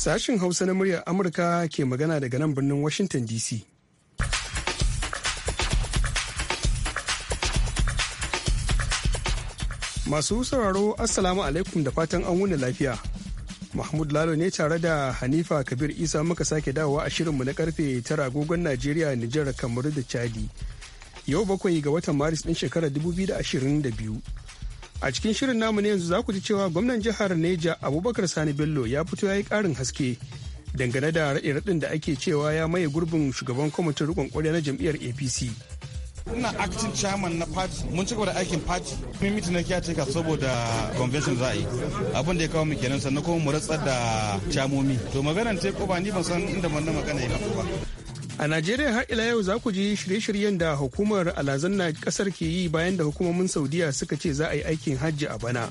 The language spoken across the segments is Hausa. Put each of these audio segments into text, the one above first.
Sashen Hausa na muryar Amurka ke magana daga nan birnin Washington DC. Masu sauraro Assalamu alaikum da fatan an wuni lafiya. Mahmud Lalo ne tare da Hanifa Kabir Isa muka sake dawowa a shirinmu na karfe tara agogon Najeriya, Nijar, Kamaru da Chadi. Yau bakwai ga watan Maris ɗin shekarar 2022. a cikin shirin namu ne yanzu za ku ji cewa gwamnan jihar neja abubakar sani bello ya fito ya yi karin haske dangane da raɗe-raɗin da ake cewa ya maye gurbin shugaban kwamitin rikon kwarya na jam'iyyar apc ina acting chairman na party mun ci gaba da aikin party mun mitin na kiyace ka saboda convention za a yi abin da ya kawo mu kenan sannan kuma mu ratsar da chamomi to maganar take ko ba ni ban san inda na magana ya ba A Najeriya har ila yau za ku ji shirye-shiryen da hukumar alazanna kasar ke yi bayan da hukumomin Saudiya suka ce za a yi aikin hajji a bana.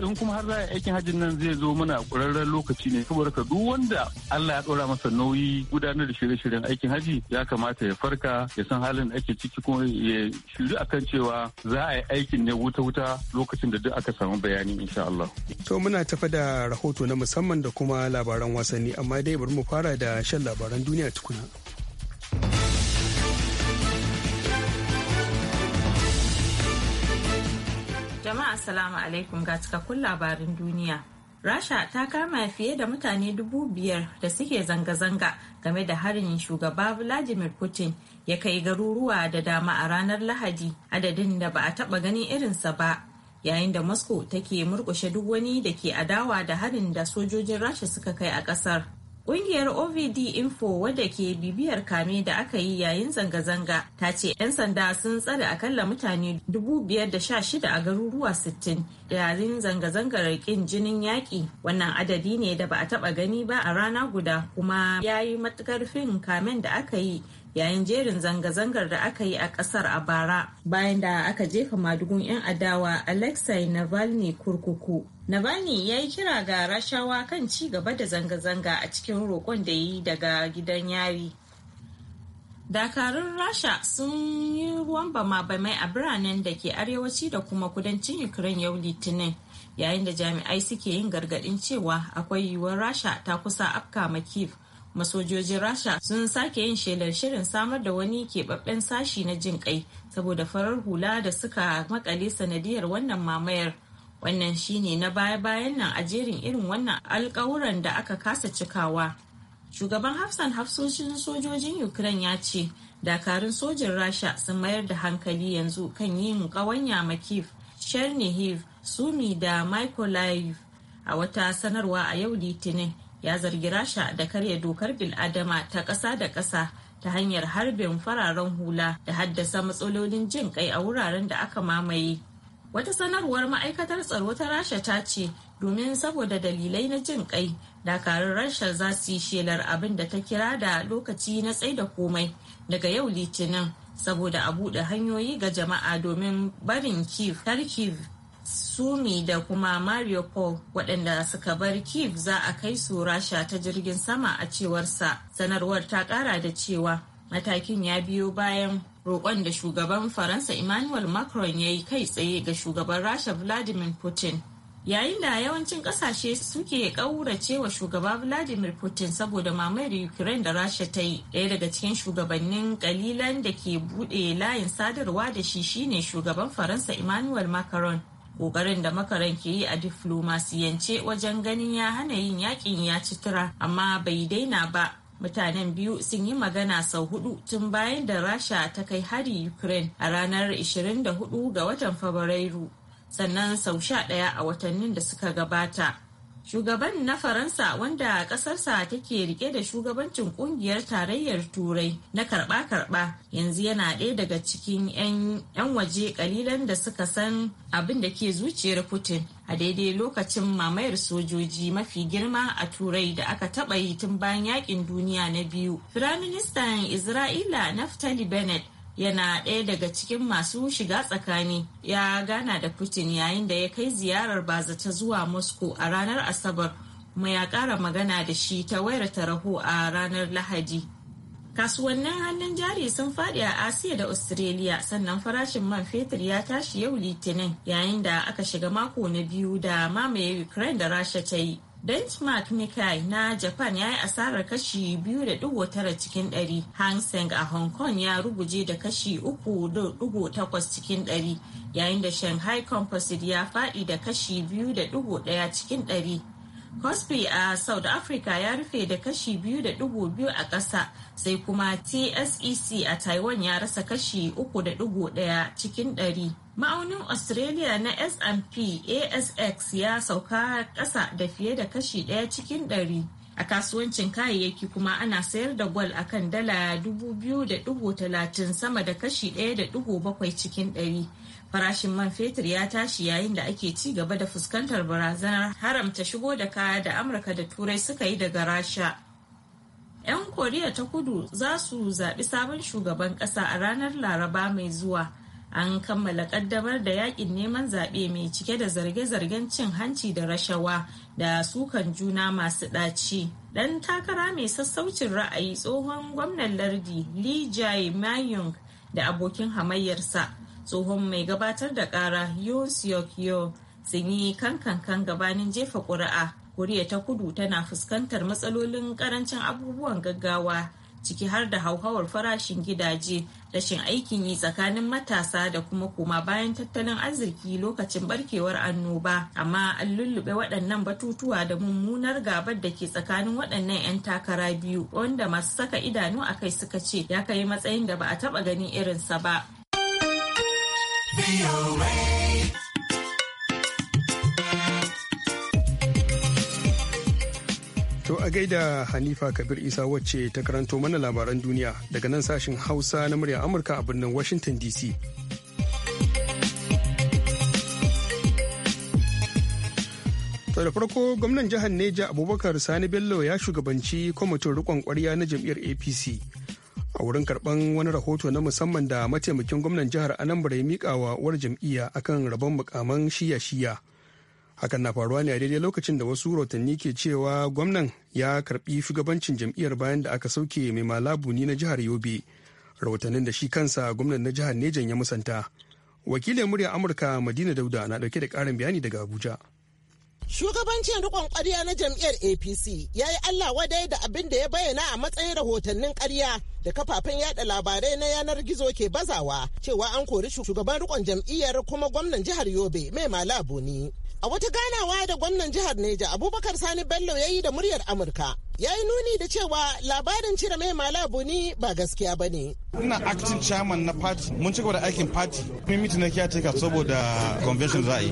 in kuma har za a aikin hajjin nan zai zo mana ƙwararren lokaci ne saboda ka duk wanda Allah ya ɗora masa nauyi gudanar da shirye-shiryen aikin hajji ya kamata ya farka ya san halin da ake ciki kuma ya shiru akan cewa za a yi aikin ne wuta-wuta lokacin da duk aka samu bayani insha Allah. To muna tafa da rahoto na musamman da kuma labaran wasanni amma dai bari mu fara da shan labaran duniya tukuna. Jama'a salamu alaikum ga cikakkun labarin duniya. Rasha ta kama fiye da mutane dubu biyar da suke zanga-zanga game da harin shugaba Vladimir Putin ya kai garuruwa da dama a ranar Lahadi adadin da ba a taba ganin irinsa ba yayin da Moscow take murkushe duk wani da ke adawa da harin da sojojin Rasha suka kai a kasar. Ƙungiyar OVD Info wadda ke bibiyar kame da aka yi yayin zanga-zanga ta ce 'yan sanda sun tsare akalla mutane shida a garuruwa 60 yayin zanga-zangar ƙin jinin yaƙi. Wannan adadi ne da ba a taɓa gani ba a rana guda kuma ya yi matuƙar fin kamen da aka yi yayin jerin zanga-zangar da aka yi a kasar a bara bayan da aka jefa madugun 'yan adawa alexei navalny kurkuku navalny ya yi kira ga rashawa kan ci gaba da zanga-zanga a cikin roƙon da yi daga gidan yari dakarun rasha sun yi ruwan bama-bamai a biranen da ke arewaci da kuma kudancin ukraine yau litinin yayin da jami'ai suke yin gargaɗin cewa akwai yiwuwar rasha ta kusa afka makiv masojojin rasha sun sake yin shelar shirin samar da wani keɓaɓɓen sashi na jin kai saboda farar hula da suka makale sanadiyar wannan mamayar wannan shine na baya-bayan nan a jerin irin wannan alkawuran da aka kasa cikawa shugaban hafsan hafsoshin sojojin ukraine ya ce dakarun sojin rasha sun mayar da hankali yanzu kan yin ƙawanya makiv chernihiv sumi da mykolaiv a wata sanarwa a yau litinin ya zargi rasha da karya dokar biladama ta ƙasa da ƙasa ta hanyar harbin fararen hula da haddasa matsalolin jin kai a wuraren da aka mamaye wata sanarwar ma'aikatar tsaro ta rasha ta ce domin saboda dalilai na jin kai dakarun rasha za su yi shelar abin da ta kira da lokaci na tsaida komai daga yau litinin saboda a buɗe hanyoyi ga jama'a domin barin kiv sumi da kuma mario paul waɗanda suka bar kiev za a kai su rasha ta jirgin sama a cewarsa sanarwar ta ƙara da cewa matakin ya biyo bayan roƙon da shugaban faransa emmanuel macron ya yi kai tsaye ga shugaban rasha vladimir putin yayin da yawancin ƙasashe suke ƙaurace wa shugaba vladimir putin saboda mamayar ukraine da rasha ta yi ɗaya daga cikin shugabannin kalilan da ke buɗe layin sadarwa da shi shine shugaban faransa emmanuel macron kokarin da makaran ke yi a diflomasiyance wajen ganin ya hana yin yakin ya ci tura amma bai daina ba mutanen biyu sun yi magana sau hudu tun bayan da rasha ta kai hari ukraine a ranar 24 ga watan fabrairu sannan sau sha daya a watannin da suka gabata Shugaban na Faransa wanda ƙasarsa take rike da shugabancin kungiyar tarayyar Turai na karɓa-karɓa yanzu yana ɗaya daga cikin 'yan waje kalilan da suka san abin da ke zuciyar Putin a daidai lokacin mamayar sojoji mafi girma a Turai da aka taɓa yi tun bayan yakin duniya na biyu. Firaministan Isra'ila Naftali Bennett yana ɗaya daga cikin masu shiga tsakani ya gana da putin yayin da ya kai ziyarar bazata zuwa moscow a ranar asabar kuma ya ƙara magana da shi ta wayar taraho a ranar lahadi kasuwannin hannun jari sun faɗi a asiya da australia sannan farashin man fetur ya tashi yau litinin yayin da aka shiga mako na biyu da mamaye ukraine da rasha ta yi Benchmark Nikkei na Japan ya yi asarar kashi 2.9 cikin 100, Hang Seng a Hong Kong ya ruguje da kashi 3.8 cikin 100, yayin da Shanghai Composite ya faɗi da kashi 2.1 cikin 100. Kospi a South Africa ya rufe da kashi 2.2 a ƙasa, sai kuma TSEC a Taiwan ya rasa kashi 3.1 cikin 100. ma'aunin australia na S&P asx ya sauka ƙasa da fiye da kashi ɗaya cikin ɗari a kasuwancin kayayyaki kuma ana sayar da gwal a kan dala 2,030 sama da kashi bakwai cikin ɗari farashin man fetur ya tashi yayin da ake ci gaba da fuskantar barazanar haramta shigo da kaya da amurka da turai suka yi daga rasha 'yan koriya ta kudu za su zaɓi sabon shugaban ƙasa a ranar laraba mai zuwa an kammala kaddamar da yakin neman zaɓe mai cike da zarge-zargen cin hanci da rashawa da sukan juna masu ɗaci. Ɗan takara mai sassaucin ra'ayi tsohon gwamnan lardi Lee Jae Mayung da abokin hamayyarsa tsohon mai gabatar da ƙara Yoon Seok Yo sun yi kankan gabanin jefa ƙuri'a. Kuri'a ta kudu tana fuskantar matsalolin ƙarancin abubuwan gaggawa ciki har da hauhawar farashin gidaje rashin aikin yi tsakanin matasa da kuma koma bayan tattalin arziki lokacin barkewar annoba amma an lullube waɗannan batutuwa da mummunar gabar da ke tsakanin waɗannan 'yan takara biyu wanda masu saka idanu a kai suka ce ya kai matsayin da ba a taɓa ganin irinsa ba. To a gaida Hanifa Kabir Isa wacce ta karanto mana labaran duniya daga nan sashin Hausa na murya Amurka a birnin Washington DC. Sau da farko gwamnan jihar Neja Abubakar Sani Bello ya shugabanci kwamitin rikon kwarya na jam'iyyar APC. A wurin karɓan wani rahoto na musamman da mataimakin gwamnan jihar Anambra ya mikawa wa uwar jam'iyya akan rabon mukaman shiya-shiya. hakan na faruwa ne a daidai lokacin da wasu rahotanni ke cewa gwamnan ya karbi shugabancin jam'iyyar bayan da aka sauke mai malabuni na jihar yobe rahotannin da shi kansa gwamnan na jihar nejan ya musanta wakilin murya amurka madina dauda na dauke da karin bayani daga abuja Shugabancin rikon ƙwarya na jam'iyyar APC ya yi Allah wadai da abin da ya bayyana a matsayin rahotannin ƙarya da kafafen yada labarai na yanar gizo ke bazawa cewa an kori shugaban rikon jam'iyyar kuma gwamnan jihar Yobe mai malabuni A wata ganawa da gwamnan jihar Neja Abubakar Sani Bello ya yi da muryar Amurka. Ya yi nuni da cewa labarin cire mai malabu ni ba gaskiya ba ne. Ina aktin chairman na party mun ci gaba da aikin party. Mun miti na kiyace ka saboda convention za a yi.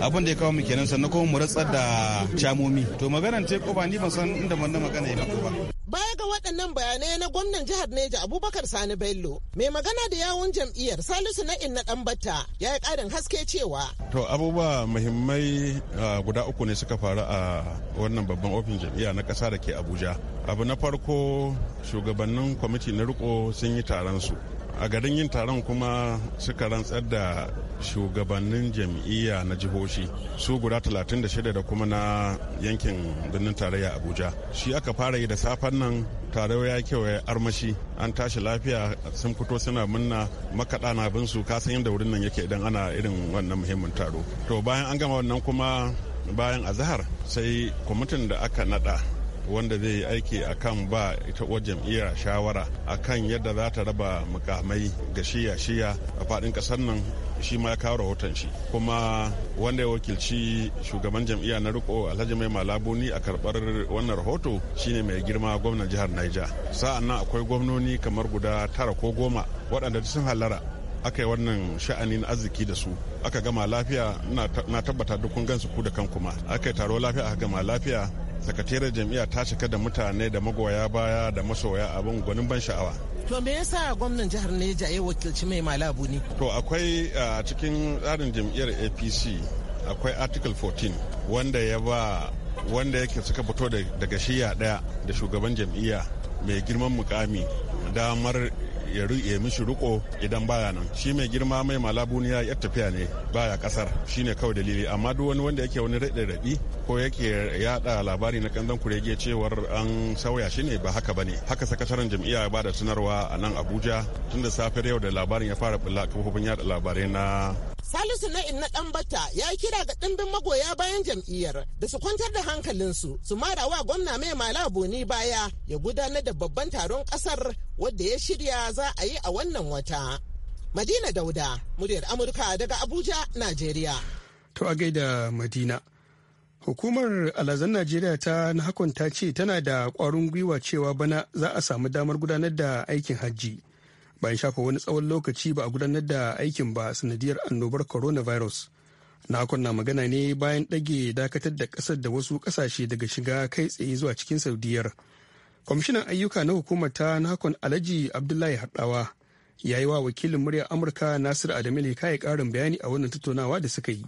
Abin da ya kawo mu kenan sannan kuma mu ratsar da chamomi. To maganan te ba ni ban san inda wannan magana ya ba. Baya ga waɗannan bayanai na gwamnan jihar Neja Abubakar Sani Bello, mai magana da yawun jam'iyyar Salisu na Inna Ɗanbata ya yi ƙarin haske cewa. To abubuwa muhimmai ah, guda uku ne suka faru a wannan babban ofin jam'iyya na ƙasa da ke Abuja. Abu na farko shugabannin kwamiti na riko sun yi taron su. a garin yin taron kuma suka rantsar da shugabannin jam'iyya na jihohi su guda 36 da kuma na yankin birnin tarayya abuja shi aka fara yi da safen nan tare ya kewaye armashi an tashi lafiya sun fito suna munna makaɗa na bin su kasan yadda wurin nan yake idan ana irin wannan muhimmin taro to bayan an gama wannan kuma bayan azahar sai kwamitin da aka nada wanda zai yi aiki a kan ba ita uwar jam'iyyar shawara a kan yadda za ta raba mukamai ga shiya-shiya a faɗin ƙasar nan shi ma ya kawo rahoton shi kuma wanda ya wakilci shugaban jam'iyya na riko alhaji mai malabuni a karbar wannan rahoto shine mai girma gwamnan jihar niger sa'an nan akwai gwamnoni kamar guda tara ko goma waɗanda sun halara aka yi wannan sha'anin arziki da su aka gama lafiya na tabbata dukkan gansu ku da kan kuma aka yi taro lafiya aka gama lafiya sakataren jami'a ta cika da mutane da magoya baya da masoya abin gwanin ban sha'awa to me yasa gwamnan jihar neja ya wakilci mai malabu ne to akwai a cikin tsarin jam'iyyar apc akwai article 14 wanda ya ba wanda yake suka fito daga shiya daya da shugaban jam'iyya mai girman mukami damar ya mishi riko idan baya nan shi mai girma mai malabuniya ya tafiya ne baya kasar ne kawai dalili amma duk wani wanda yake wani rade rabi ko yake yada labari na kanzan kurege cewar an sauya shi ne ba haka bane haka sakataren jam'iyya ba da sanarwa a nan abuja tun da safiyar yau da labarin ya fara bulla kafofin yada labarai na Salisu na inna dan bata ya yi kira ga ɗimbin magoya bayan jam'iyyar da su kwantar da hankalinsu su mara wa gwamna mai mala boni baya ya gudanar da babban taron ƙasar wadda ya shirya za a yi a wannan wata. Madina Dauda, muryar Amurka daga Abuja, Najeriya. To a gaida Madina. Hukumar alazan Najeriya ta hakon ta ce tana da ƙwarin gwiwa cewa bana za a samu damar gudanar da aikin hajji. bayan shafa wani tsawon lokaci ba a gudanar da aikin ba sanadiyar annobar coronavirus na na magana ne bayan ɗage dakatar da ƙasar da wasu ƙasashe daga shiga kai tsaye zuwa cikin saudiyar kwamishinan ayyuka na hukumar ta nakon alhaji abdullahi haɗawa ya yi wa wakilin muryar amurka nasir adamil ya kayi ƙarin bayani a wannan tattaunawa da suka yi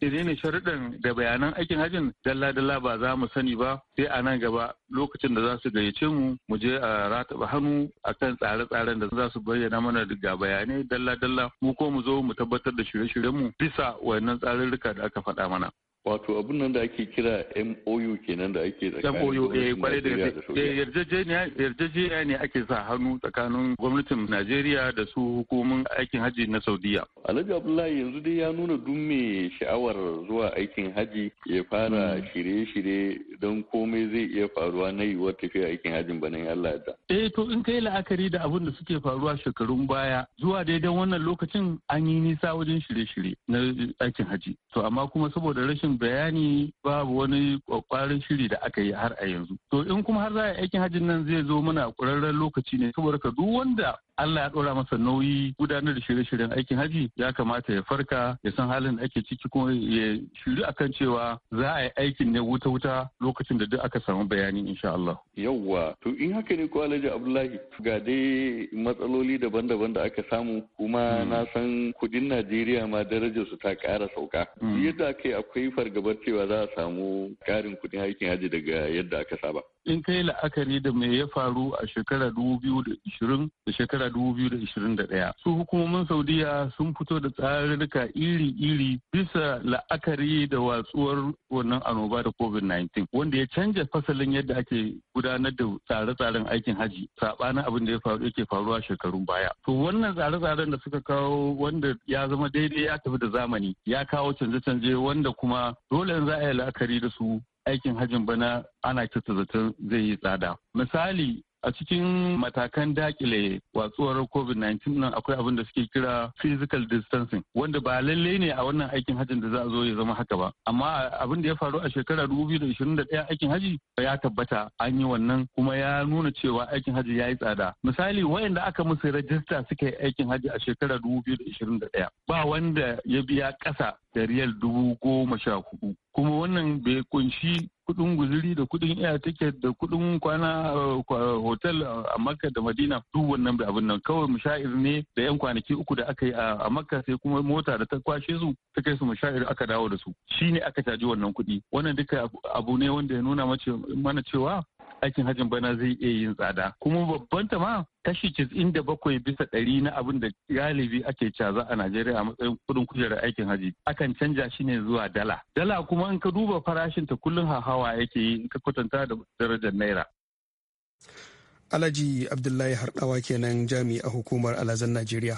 ne sharuɗan da bayanan aikin hajjin dalla-dalla ba za mu sani ba sai a nan gaba lokacin da za su gayyace mu mu je a rataba hannu akan tsare-tsaren da za su bayyana mana ga bayanai dalla-dalla mu ko mu zo mu tabbatar da shirye-shiryen mu bisa wayannan tsarin da aka faɗa mana. wato abun nan da ake kira MOU kenan da ake tsakanin MOU eh kwarai da eh, yarjejeniya yarjejeniya ne ake sa hannu tsakanin gwamnatin Najeriya da su hukumin aikin haji na Saudiya. Alhaji Abdullahi yanzu dai ya nuna duk mai sha'awar zuwa aikin haji ya fara hmm. shirye-shirye don komai zai iya faruwa na yiwuwar tafiya aikin hajin bana ya Allah da. Eh to in kai la'akari da abun da suke faruwa shekarun baya zuwa daidan wannan lokacin an yi nisa wajen shirye-shirye na aikin haji. To amma kuma saboda rashin bayani babu wani kwakwarin shiri da aka yi har a yanzu to in kuma har za a aikin hajjin nan zai zo mana ƙwararren lokaci ne saboda ka duk wanda Allah ya ɗora masa nauyi gudanar da shirye-shiryen aikin haji ya kamata ya farka ya san halin da ake ciki kuma ya shiri akan cewa za a yi aikin ne wuta-wuta lokacin da duk aka samu bayani insha Allah. Yawwa to in haka ne ko Alhaji Abdullahi ga dai matsaloli daban-daban da aka samu kuma hmm. na san kudin Najeriya ma darajar su ta kara sauka. Hmm. Yadda aka yi akwai fargabar cewa za a samu ƙarin kudin aikin haji daga yadda aka saba. In kai la'akari da me ya faru a shekara 2020 da shekara 2021 su hukumomin saudiya sun fito da tsarirka iri-iri bisa la'akari da watsuwar wannan annoba da covid-19 wanda ya canja fasalin yadda ake gudanar da tsare-tsaren aikin haji sabanin abin da ya faru yake faruwa shekarun baya to wannan tsare-tsaren da suka kawo wanda ya zama daidai ya tafi da zamani ya kawo canje-canje wanda kuma dole za a yi la'akari da su aikin hajin bana ana kyauta zaton zai yi tsada. Misali a cikin matakan dakile watsuwar covid-19 nan akwai abin da suke kira physical distancing wanda ba lalle ne a wannan aikin hajjin da za a zo ya zama haka ba amma abin da ya faru a shekarar 2021 aikin haji ya tabbata an yi wannan kuma ya nuna cewa aikin haji ya yi tsada misali wayanda aka musu rajista suka yi aikin haji a shekarar 2021 ba wanda ya biya ƙasa da riyal dubu goma sha hudu kuma wannan bai kunshi kudin guzuri da kudin air ticket da kudin kwana eh, hotel eh, a makka da madina duk wannan da abin nan kawai mushair ne da yan kwanaki uku da aka yi a makka sai kuma mota da ta kwashe su ta kai su mushair aka dawo da su shine aka caji wannan kudi wannan duka abu ne wanda ya nuna mana cewa aikin hajjin bana zai iya yin tsada kuma babban ta ma kashi casa'in da bakwai bisa ɗari na abin da galibi ake caza a Najeriya a matsayin kudin kujerar aikin haji akan canja shi ne zuwa dala. Dala kuma in ka duba farashin ta kullum hahawa yake yi in ka kwatanta da darajar naira. Alhaji Abdullahi Harɗawa kenan jami'a hukumar alhazan Najeriya.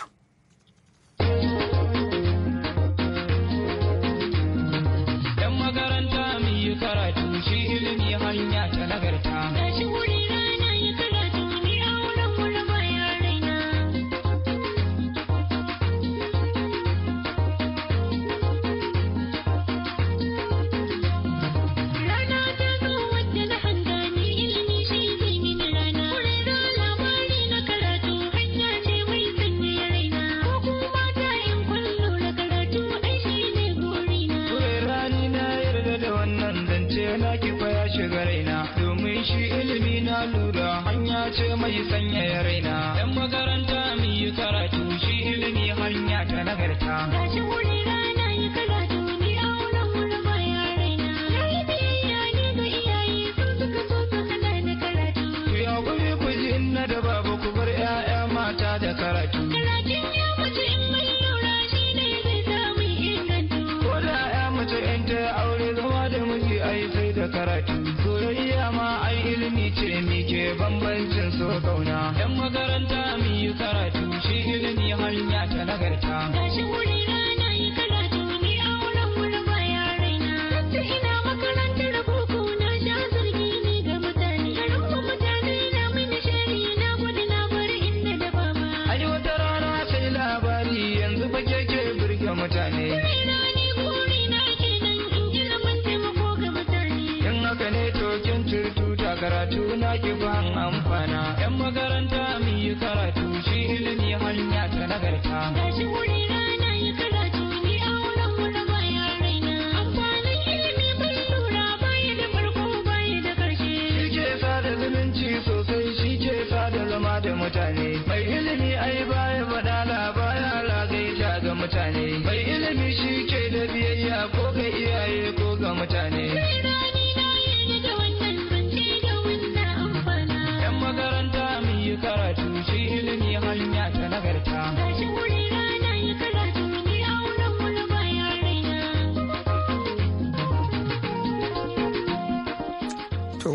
karatu na ki ban amfana yan makaranta mu yi karatu shi ilimi hanya ta nagarta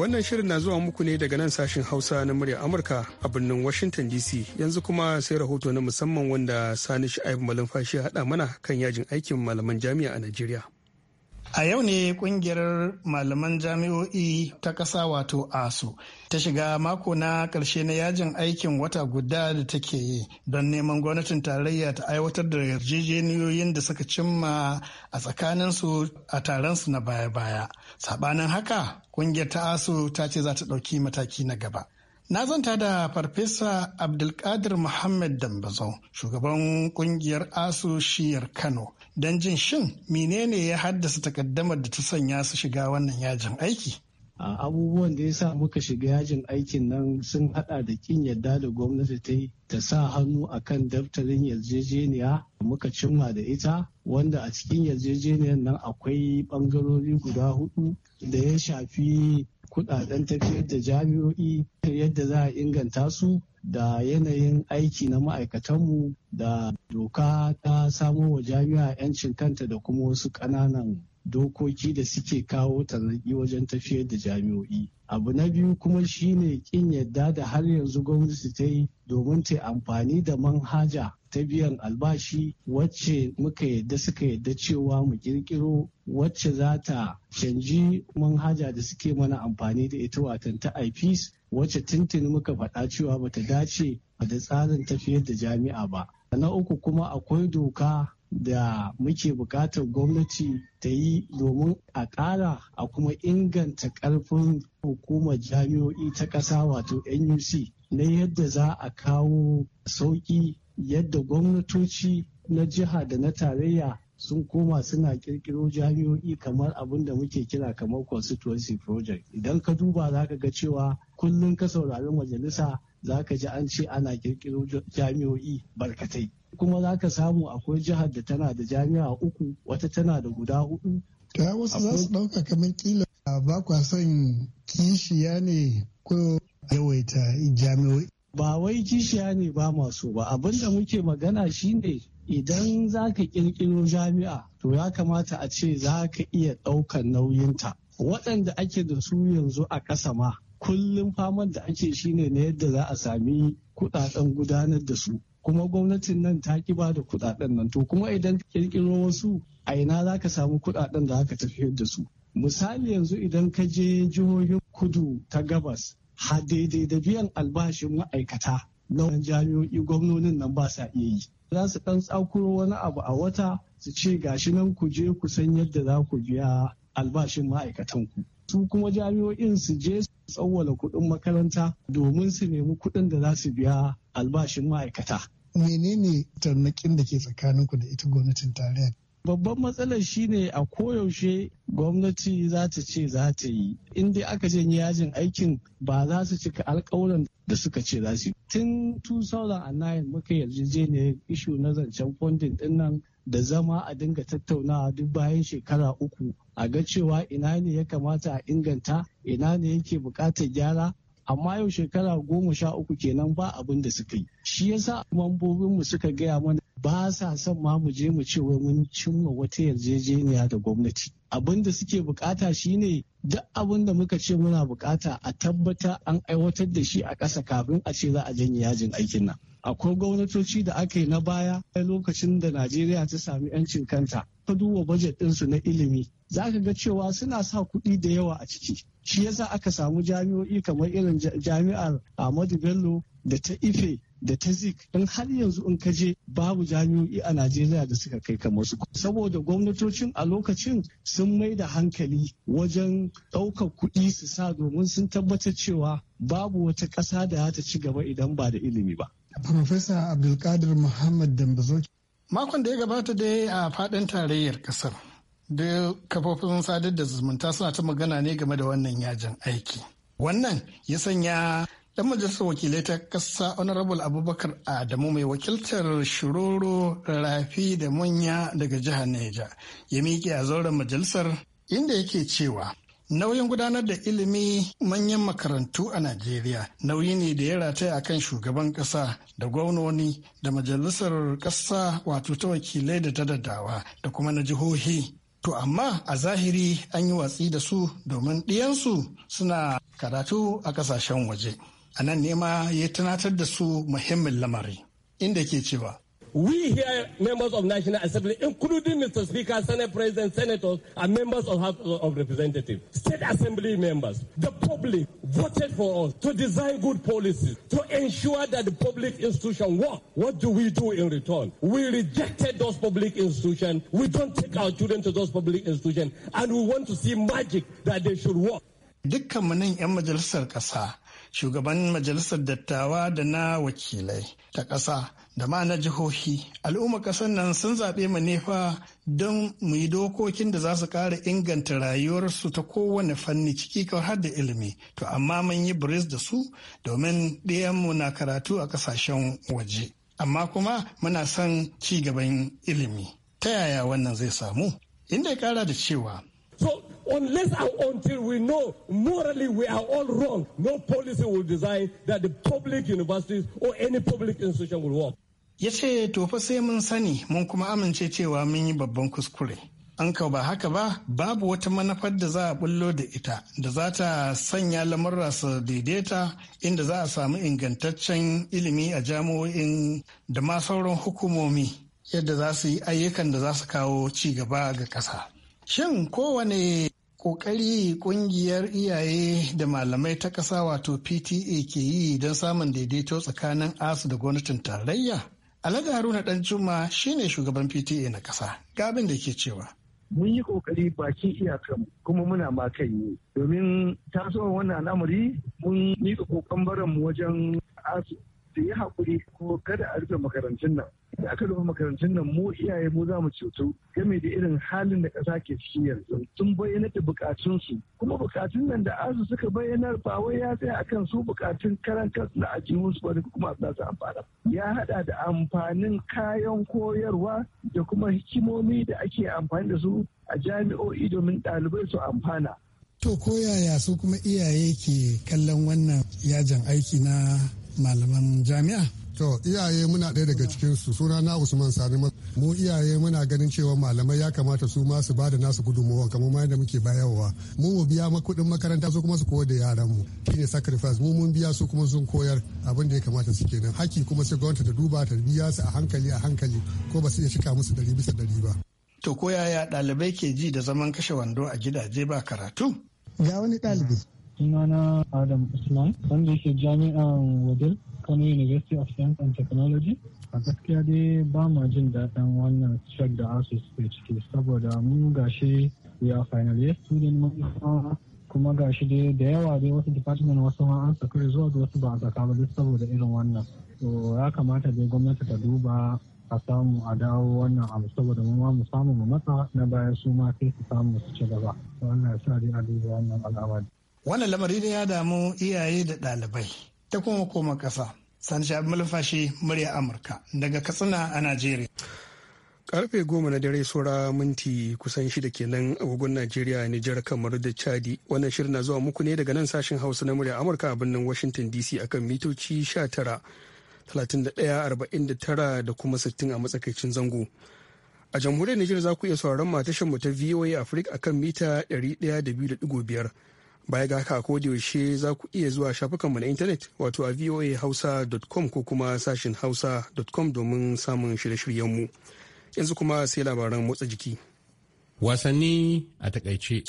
wannan shirin na zuwa muku ne daga nan sashen hausa na murya amurka a birnin washington dc yanzu kuma sai rahoto na musamman wanda sani sha'ib malumfashi haɗa mana kan yajin aikin malaman jami'a a najeriya A yau ne kungiyar malaman jami'o'i ta ƙasa wato ASU ta shiga mako na karshe na yajin aikin wata guda da take yi don neman gwamnatin tarayya ta aiwatar da yarjejeniyoyin da suka cimma a tsakaninsu a taronsu na baya-baya. Sabanin haka, kungiyar ta ASU ta ce za ta ɗauki mataki na gaba. Na zanta da Farfesa Abdulkadir Muhammad Dambazau, shugaban kungiyar ASU shiyar Kano, don jin shin menene ya haddasa takaddamar da ta sanya su shiga wannan yajin aiki. A abubuwan da ya sa muka shiga yajin aikin nan sun hada da kin yadda da gwamnati ta yi ta sa hannu a kan daftarin yarjejeniya muka cimma da ita wanda a cikin yarjejeniyar nan akwai bangarori guda hudu da ya shafi kudaden tafiyar da jami'o'i yadda za a inganta su da yanayin aiki na ma'aikatanmu da doka ta samo wa jami'a 'yancin kanta da kuma wasu ƙananan dokoki da suke kawo tarnaki wajen tafiyar da jami'o'i abu na biyu kuma shine kin yadda da har yanzu gwamnati ta yi domin ta amfani da manhaja ta biyan albashi wacce muka yadda suka yadda cewa mu kirkiro wacce za ta canji manhaja da suke mana amfani da ita watan ta ipis wacce tuntuni muka faɗa cewa bata dace da tsarin tafiyar da jami'a ba na uku kuma akwai doka da muke buƙatar gwamnati ta yi domin a ƙara a kuma inganta ƙarfin hukumar jami'o'i ta ƙasa wato nuc na yadda za a kawo sauƙi yadda gwamnatoci na jiha da na tarayya sun koma suna kirkiro jami'o'i kamar abin da muke kira kamar constituency project idan ka duba za ka ga cewa kullum ka saurari majalisa za ka ji an ce ana kirkiro jami'o'i barkatai kuma za ka samu akwai jihar da tana da jami'a uku wata tana da guda hudu ya wasu za su dauka kamar kila ba kwa son kishiya ne ko yawaita jami'o'i ba wai kishiya ne ba masu ba abin da muke magana shine idan za ka kirkiro jami'a to ya kamata a ce za ka iya ɗaukan nauyinta waɗanda ake da su yanzu a ƙasa ma kullum faman da ake shi ne na yadda za a sami kudaden gudanar da su kuma gwamnatin nan ta ki ba da kudaden nan to kuma idan ka kirkiro wasu a ina za ka samu kudaden da aka tafiyar da su misali yanzu idan ka je jihohin kudu ta gabas ha daidai da biyan albashin ma'aikata na jami'o'i gwamnonin nan ba sa iya yi za su ɗan tsakuro wani abu a wata su ce gashi nan ku je ku san yadda za ku biya albashin ma'aikatan ku su kuma jami'o'in su je su tsawwala kuɗin makaranta domin su nemi kuɗin da za su biya albashin ma'aikata. Menene tarnakin da ke tsakaninku da ita gwamnatin tarayya? Babban matsalar shine a koyaushe gwamnati za ta ce za ta yi. In dai aka janye yajin aikin ba za su cika alkawuran da suka ce za su yi. Tun 2009 muka yarjejeniyar ishu na zancen fondin dinnan da zama a dinga tattaunawa duk bayan shekara uku a ga cewa ina ne ya kamata a inganta ina ne yake buƙatar gyara amma yau shekara goma sha uku kenan ba abin da suka yi shi yasa mambobinmu suka gaya mana ba sa son ma mu je mu ce wai mun cimma wata yarjejeniya da gwamnati abin da suke bukata shine duk abin da muka ce muna bukata a tabbata an aiwatar da shi a ƙasa kafin a ce za a janye yajin aikin nan akwai gwamnatoci da aka yi na baya a lokacin da najeriya ta sami 'yancin kanta ka duba bajet ɗinsu na ilimi za ka ga cewa suna sa kuɗi da yawa a ciki shi yasa aka samu jami'o'i kamar irin jami'ar ahmadu bello da ta ife da ta zik in har yanzu in ka je babu jami'o'i a najeriya da suka kai kamar su saboda gwamnatocin a lokacin sun mai da hankali wajen ɗaukar kuɗi su sa domin sun tabbatar cewa babu wata ƙasa da ta ci gaba idan ba da ilimi ba Profesa Abdulkadir Muhammad Dambazo. Makon da ya gabata dai a faɗin tarayyar ƙasar. Da kafofin sadar da zumunta suna ta magana ne game da wannan yajin aiki. Wannan ya sanya ɗan majalisar wakilai ta ƙasa Honorable Abubakar Adamu mai wakiltar Shiroro Rafi da Manya daga jihar Neja ya miƙe a zauren majalisar inda yake cewa Nauyin gudanar da ilimi manyan makarantu a Najeriya nauyi ne da ya rataya a kan shugaban ƙasa da gwamnoni da majalisar ƙasa wato ta wakilai da ta daddawa da kuma na jihohi. To amma a zahiri an yi watsi da su domin ɗiyansu suna karatu a ƙasashen waje. A nan nema ya tunatar da su muhimmin lamari inda ke cewa We here, members of National Assembly, including Mr. Speaker, Senate President, Senators, and members of House of Representatives, State Assembly members, the public voted for us to design good policies to ensure that the public institution work. What do we do in return? We rejected those public institutions. We don't take our children to those public institutions, and we want to see magic that they should work. Dukkanmu 'yan majalisar ƙasa, shugaban majalisar dattawa da na wakilai ta ƙasa da ma na jihohi al'umma ƙasar nan sun zaɓe mu ne fa don mu yi dokokin da za su ƙara inganta rayuwarsu ta kowane fanni ciki kawar har da ilimi to amma mun yi bris da su domin ɗayanmu na karatu a ƙasashen waje amma kuma muna son ci gaban ilimi ta yaya wannan zai samu inda ya ƙara da cewa So unless and until we know morally we are all wrong, no policy will design that the public universities or any public institution will work. ya ce tofa sai mun sani mun kuma amince cewa mun yi babban kuskure an kawo ba haka ba babu wata manufar da za a bullo da ita da za ta sanya lamurra su daidaita inda za a samu ingantaccen ilimi a jami'o'in da ma sauran hukumomi yadda za su yi ayyukan da za su kawo ci gaba ga ƙasa shin kowane ƙoƙari ƙungiyar iyaye da malamai ta ƙasa wato pta ke yi don samun daidaito tsakanin asu da gwamnatin tarayya Alhaji Haruna Dan Juma shine shugaban PTA na ƙasa. Ga da ke cewa. Mun yi kokari bakin iyakan kuma muna ma kai ne. Domin tasowar wannan al'amari mun yi kokon baranmu wajen da yi haƙuri kuma kada a rufe makarantun nan da aka rufe makarantun nan mu iyaye mu za mu ceto game da irin halin da ƙasa ke ciki yanzu tun bayyana da su kuma bukatun nan da asu suka bayyana, ba wai ya tsaya akan su bukatun karan kansu na ajiyun su da kuma za su amfana ya hada da amfanin kayan koyarwa da kuma hikimomi da ake amfani da su a jami'o'i domin ɗalibai su amfana To ko yaya su kuma iyaye ke kallon wannan yajin aiki na malaman jami'a to iyaye muna ɗaya daga cikin su suna na usman sani mu iyaye muna ganin cewa malamai ya kamata su ma su ba da nasu gudunmawa kamar ma yadda muke bayarwa mu mu biya kuɗin makaranta su kuma su koyar da yaran mu shine sacrifice mu mun biya su kuma sun koyar abin da ya kamata su kenan haki kuma sai gwamnati ta duba ta biya su a hankali a hankali ko ba su iya cika musu ɗari bisa dari ba. to ko yaya ɗalibai ke ji da zaman kashe wando a gidaje ba karatu. ga wani ɗalibi sunana Adam Usman wanda yake jami'an Wadil Kano University of Science and Technology. A gaskiya dai ba ma jin daɗin wannan check da asus ke ciki saboda mun gashi we final year student mun kuma gashi dai da yawa dai wasu department wasu ma an saka zuwa wasu ba a saka ba duk saboda irin wannan. To ya kamata dai gwamnati ta duba a samu a dawo wannan abu saboda mun ma mu samu mu matsa na baya su ma sai su samu su ci gaba. Wannan ya sa dai a duba wannan al'amari. wannan lamari ne ya damu iyaye da ɗalibai ta kuma koma ƙasa sani shabi malfashi murya amurka daga katsina a najeriya karfe goma na dare saura minti kusan shida kenan agogon najeriya niger kamar da chadi wannan shirin na zuwa muku ne daga nan sashen hausa na murya amurka a birnin washington dc akan mitoci 19 31 da kuma 60 a matsakaicin zango a jamhuriyar niger za ku iya sauraron matashin mu ta voa africa akan mita 102.5 baya ga haka ko da yaushe za ku iya zuwa shafukanmu na intanet wato a voahausa.com ko kuma sashin hausa.com domin samun shirye-shiryenmu yanzu kuma sai labaran motsa jiki wasanni a takaice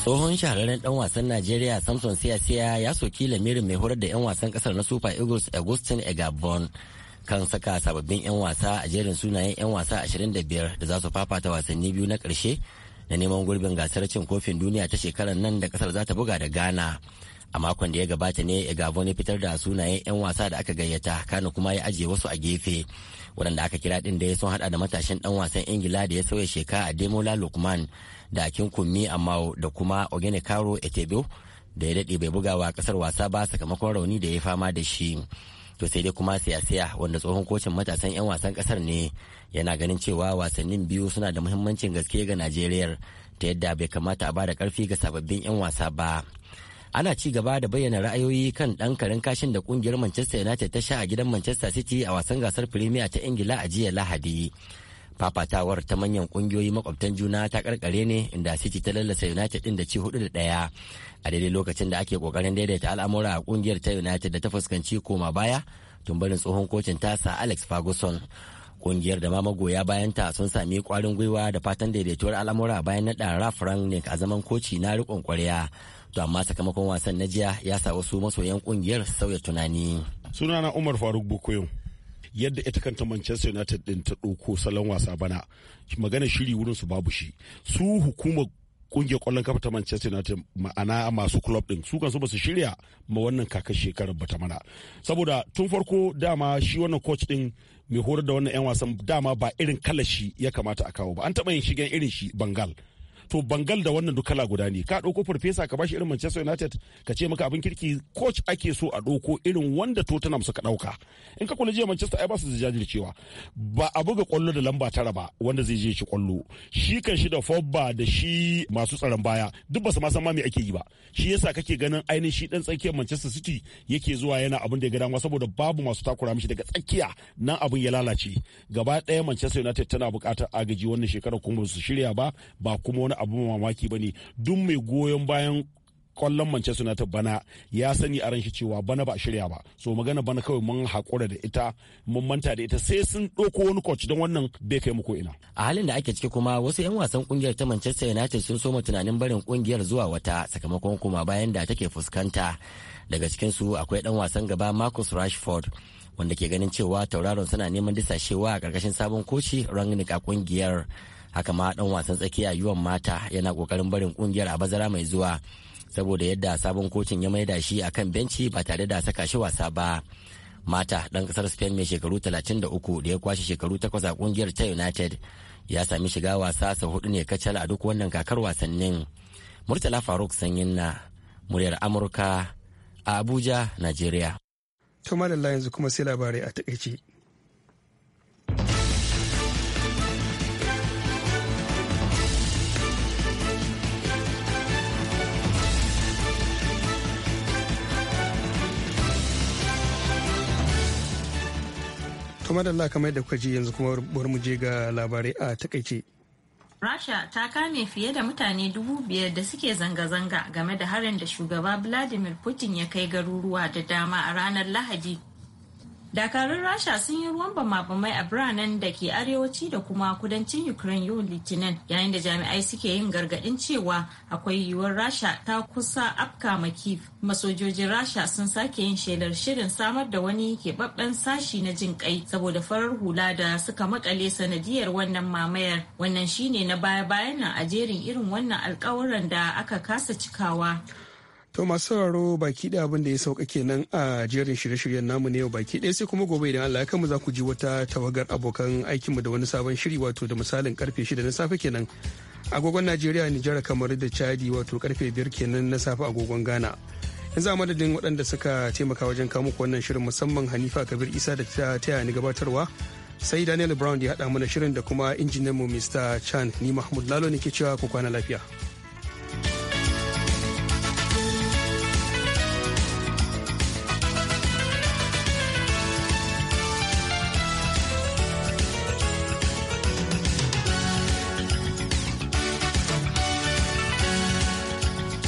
tsohon shahararren dan wasan najeriya samson siya siya ya soki lamirin mai horar da 'yan wasan kasar na super eagles augustin egabon kan saka sababbin 'yan wasa a jerin sunayen 'yan wasa 25 da za su fafata wasanni biyu na ƙarshe na neman gurbin gasar cin kofin duniya ta shekarar nan da kasar za ta buga da ghana a makon da ya gabata ne gabo ne fitar da sunayen 'yan wasa da aka gayyata kano kuma ya ajiye wasu a gefe waɗanda aka kira ɗin da ya sun haɗa da matashin ɗan wasan ingila da ya sauya sheka a demola lukman da akin kummi mao da kuma ogene karo etebo da ya daɗe bai bugawa ƙasar wasa ba sakamakon rauni da ya fama da shi to sai dai kuma siyasiya wanda tsohon kocin matasan 'yan wasan kasar ne yana ganin cewa wasannin biyu suna da muhimmancin gaske ga najeriya ta yadda bai kamata a bada karfi ga sababbin 'yan wasa ba ana ci gaba da bayyana ra'ayoyi kan dan karin kashin da kungiyar manchester united ta sha a gidan manchester city a wasan gasar premier ta ingila a jiya lahadi fafatawar ta manyan kungiyoyi makwabtan juna ta karkare ne inda city ta lallasa united din da ci hudu da daya a daidai lokacin da ake kokarin daidaita al'amura a kungiyar ta united da ta fuskanci koma baya tun tsohon kocin tasa alex ferguson kungiyar da ma magoya ta sun sami kwarin gwiwa da fatan daidaituwar al'amura bayan naɗa raf rangnick a zaman koci na rikon kwarya to amma sakamakon wasan na jiya ya sa wasu masoyan kungiyar sauya tunani sunana umar faruk bukoyo yadda ita kanta Manchester United din ta ɗauko salon wasa bana magana shiri wurin su babu shi su hukumar kungiyar kwallon kafa ta Manchester United ma'ana masu club din su kansu basu shirya ma wannan kakar shekarar bata mana saboda tun farko dama shi wannan coach din mai horar da wannan 'yan wasan dama ba irin kalashi ya kamata a kawo ba an taɓa yin shigen irin shi bangal to bangal da wannan dukala guda ne ka ɗauko farfesa ka bashi irin manchester united ka ce maka abin kirki coach ake so a ɗauko irin wanda tottenham suka ɗauka in ka kula jiya manchester ai ba su jajircewa ba a buga kwallo da lamba tara ba wanda zai je shi kwallo shi kan shi da fobba da shi masu tsaron baya duk ba su ma san ma me ake yi ba shi yasa kake ganin ainihin shi dan tsakiyar manchester city yake zuwa yana abin da ya ga saboda babu masu takura mishi daga tsakiya nan abin ya lalace gaba ɗaya manchester united tana buƙatar agaji wannan shekarar kuma su shirya ba ba kuma wani abin mamaki ba ne duk mai goyon bayan kwallon Manchester United bana ya sani a ran shi cewa bana ba shirya ba so magana bana kawai mun haƙura da ita mun manta da ita sai sun ɗauko wani coach don wannan bai kai mu ina a halin da ake ciki kuma wasu yan wasan kungiyar ta Manchester United sun soma tunanin barin kungiyar zuwa wata sakamakon kuma bayan da take fuskanta daga cikin su akwai dan wasan gaba Marcus Rashford wanda ke ganin cewa tauraron suna neman disashewa a karkashin sabon koci Rangnick a kungiyar haka ma dan wasan tsakiya yuwan mata yana kokarin barin kungiyar a bazara mai zuwa saboda yadda sabon kocin ya maida shi a kan benci ba tare da saka shi wasa ba mata dan kasar spain mai shekaru 33 da ya kwashe shekaru 8 a kungiyar ta united ya sami shiga wasa sau hudu ne kacal a duk wannan kakar wasannin murtala faruk sanyin na muryar amurka a abuja nigeria to yanzu kuma sai labarai a takaice kamar da Allah kamar da kuka ji yanzu kuma bar mu je ga labarai a takaice. Rasha ta kame fiye da mutane dubu biyar da suke zanga-zanga game da harin da shugaba Vladimir Putin ya kai garuruwa da dama a ranar Lahadi dakarun rasha sun yi ruwan bama a biranen da ke arewaci da kuma kudancin ukraine yau litinin yayin da jami'ai suke yin gargadin cewa akwai yiwuwar rasha ta kusa afka makif masojojin rasha sun sake yin shelar shirin samar da wani keɓaɓɓen sashi na jin kai saboda farar hula da suka makale sanadiyar wannan mamayar wannan shine na baya-bayan nan a jerin irin wannan alkawuran da aka kasa cikawa To masu sauraro baki da abin da ya sauka kenan a jerin shirye-shiryen namu ne yau baki ɗaya sai kuma gobe idan Allah ya kama za ku ji wata tawagar abokan aikinmu da wani sabon shiri wato da misalin karfe shida na safe kenan. Agogon Najeriya Nijar kamar da Chadi wato karfe biyar kenan na safe agogon Ghana. Yanzu a madadin waɗanda suka taimaka wajen kawo muku wannan shirin musamman Hanifa Kabir Isa da ta taya ni gabatarwa. Sai Daniel Brown ya haɗa mana shirin da kuma injinanmu Mr. Chan ni Mahmud Lalo ne ke cewa ku kwana lafiya.